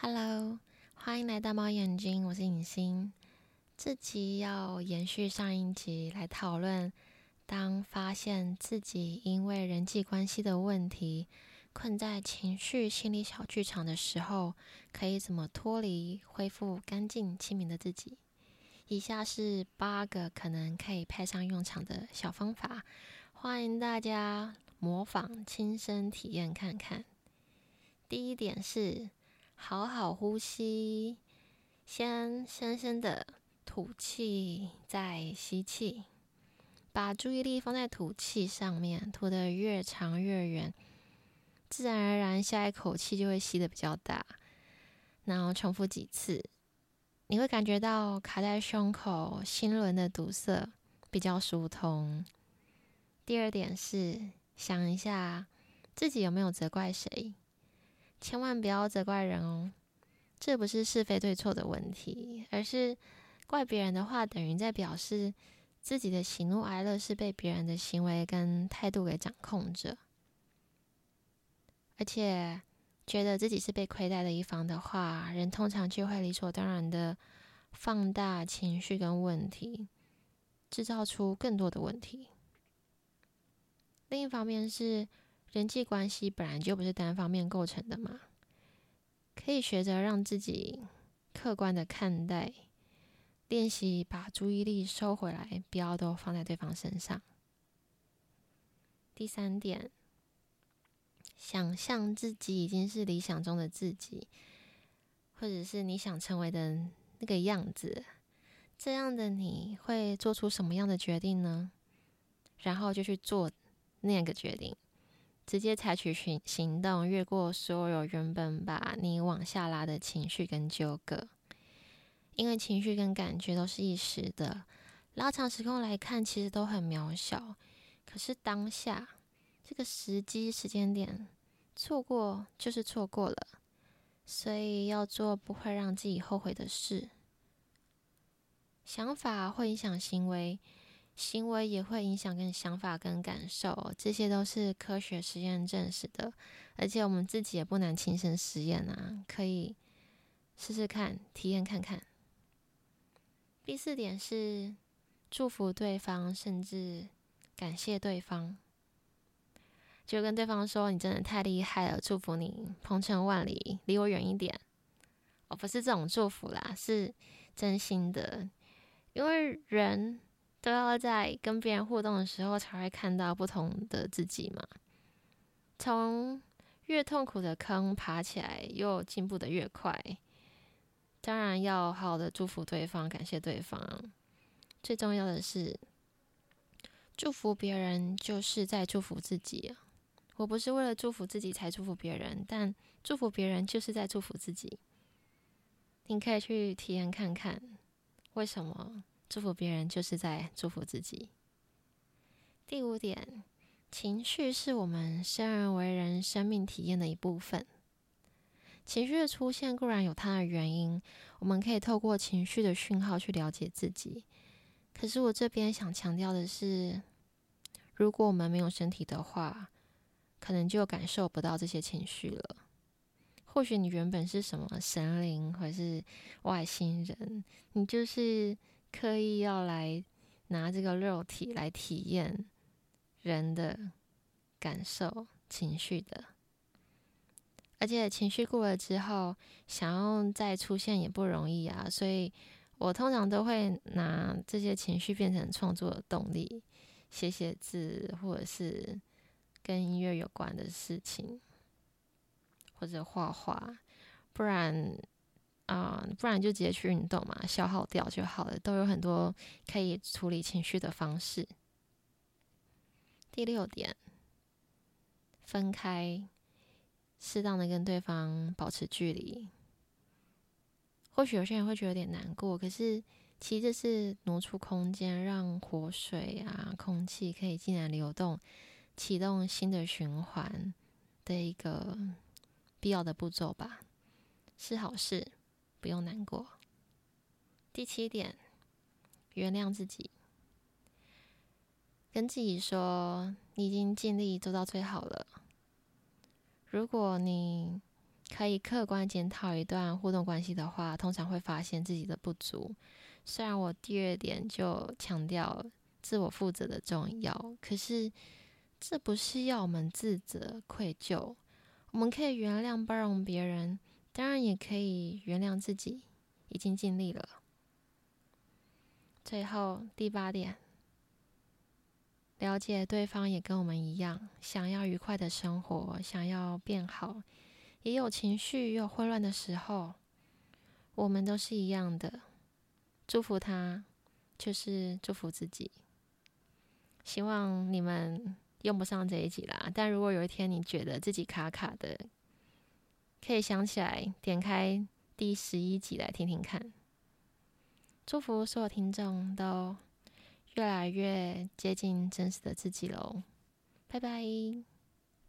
Hello，歡迎來到貓眼睛，我是影星。這集要延續上一集來討論，當發現自己因為人際關係的問題困在情緒心理小劇場的時候，可以怎麼脫離、恢復乾淨、清明的自己？以下是八個可能可以派上用場的小方法，歡迎大家模仿親身體驗看看。第一點是。好好呼吸，先深深的吐氣，再吸氣，把注意力放在吐氣上面，吐的越長越遠，自然而然下一口氣就會吸的比較大。然後重複幾次，你會感覺到卡在胸口心輪的堵塞比較疏通。第二點是，想一下自己有沒有責怪誰。千萬不要責怪人哦，這不是是非對錯的問題，而是怪別人的話，等於在表示自己的喜怒哀樂是被別人的行為跟態度給掌控着。而且覺得自己是被虧待的一方的話，人通常就會理所當然的放大情緒跟問題，制造出更多的問題。另一方面是。人際關係本來就不是單方面構成的嘛，可以學着讓自己客觀的看待，練習把注意力收回來，不要都放在對方身上。第三點，想象自己已經是理想中的自己，或者是你想成為的那個樣子，這樣的你會做出什麼樣的決定呢？然後就去做那個決定。直接採取行行動，越過所有原本把你往下拉的情緒跟糾葛，因為情緒跟感覺都是一時的，拉長時空來看，其實都很渺小。可是當下這個時機、時間點，錯過就是錯過了，所以要做不會讓自己後悔的事。想法會影響行為。行為也會影響跟想法跟感受，這些都是科學實驗證實的，而且我們自己也不難親身實驗啊，可以試試看，體驗看看。第四點是祝福對方，甚至感謝對方，就跟對方說：“你真的太厲害了，祝福你鵬程萬里，離我遠一點。”哦，不是這種祝福啦，是真心的，因為人。都要在跟別人互動的時候，才會看到不同的自己嘛。從越痛苦的坑爬起來，又進步得越快。當然要好好的祝福對方，感謝對方。最重要的是，祝福別人就是在祝福自己。我不是為了祝福自己才祝福別人，但祝福別人就是在祝福自己。你可以去體驗看看，為什麼？祝福別人就是在祝福自己。第五點，情緒是我們生而為人生命體驗的一部分。情緒的出現固然有它的原因，我們可以透過情緒的訊號去了解自己。可是我這邊想強調的是，如果我們沒有身體的話，可能就感受不到這些情緒了。或許你原本是什麼神靈或者是外星人，你就是。刻意要來拿這個肉體來體驗人的感受、情緒的，而且情緒過了之後，想要再出現也不容易啊。所以，我通常都會拿這些情緒變成創作的動力，寫寫字，或者是跟音樂有關的事情，或者畫畫，不然。不然就直接去運動嘛，消耗掉就好了。都有很多可以處理情緒的方式。第六點，分開，適當的跟對方保持距離。或許有些人會覺得有點難過，可是其實是挪出空間，讓活水啊、空氣可以進來流動，啟動新的循環的一個必要的步驟吧，是好事。不用難過。第七點，原諒自己。跟自己說，你已經盡力做到最好了。如果你可以客觀檢討一段互動關係的話，通常會發現自己的不足。雖然我第二點就強調自我負責的重要，可是這不是要我們自責、愧疚。我們可以原諒、包容別人。當然也可以原諒自己，已經盡力了。最後第八點，了解對方也跟我們一樣，想要愉快的生活，想要變好，也有情緒，也有混亂的時候。我們都是一樣的，祝福他就是祝福自己。希望你們用不上這一集啦，但如果有一天你覺得自己卡卡的，可以想起來，點開第十一集來聽聽看。祝福所有聽眾都越來越接近真實的自己嘍，拜拜。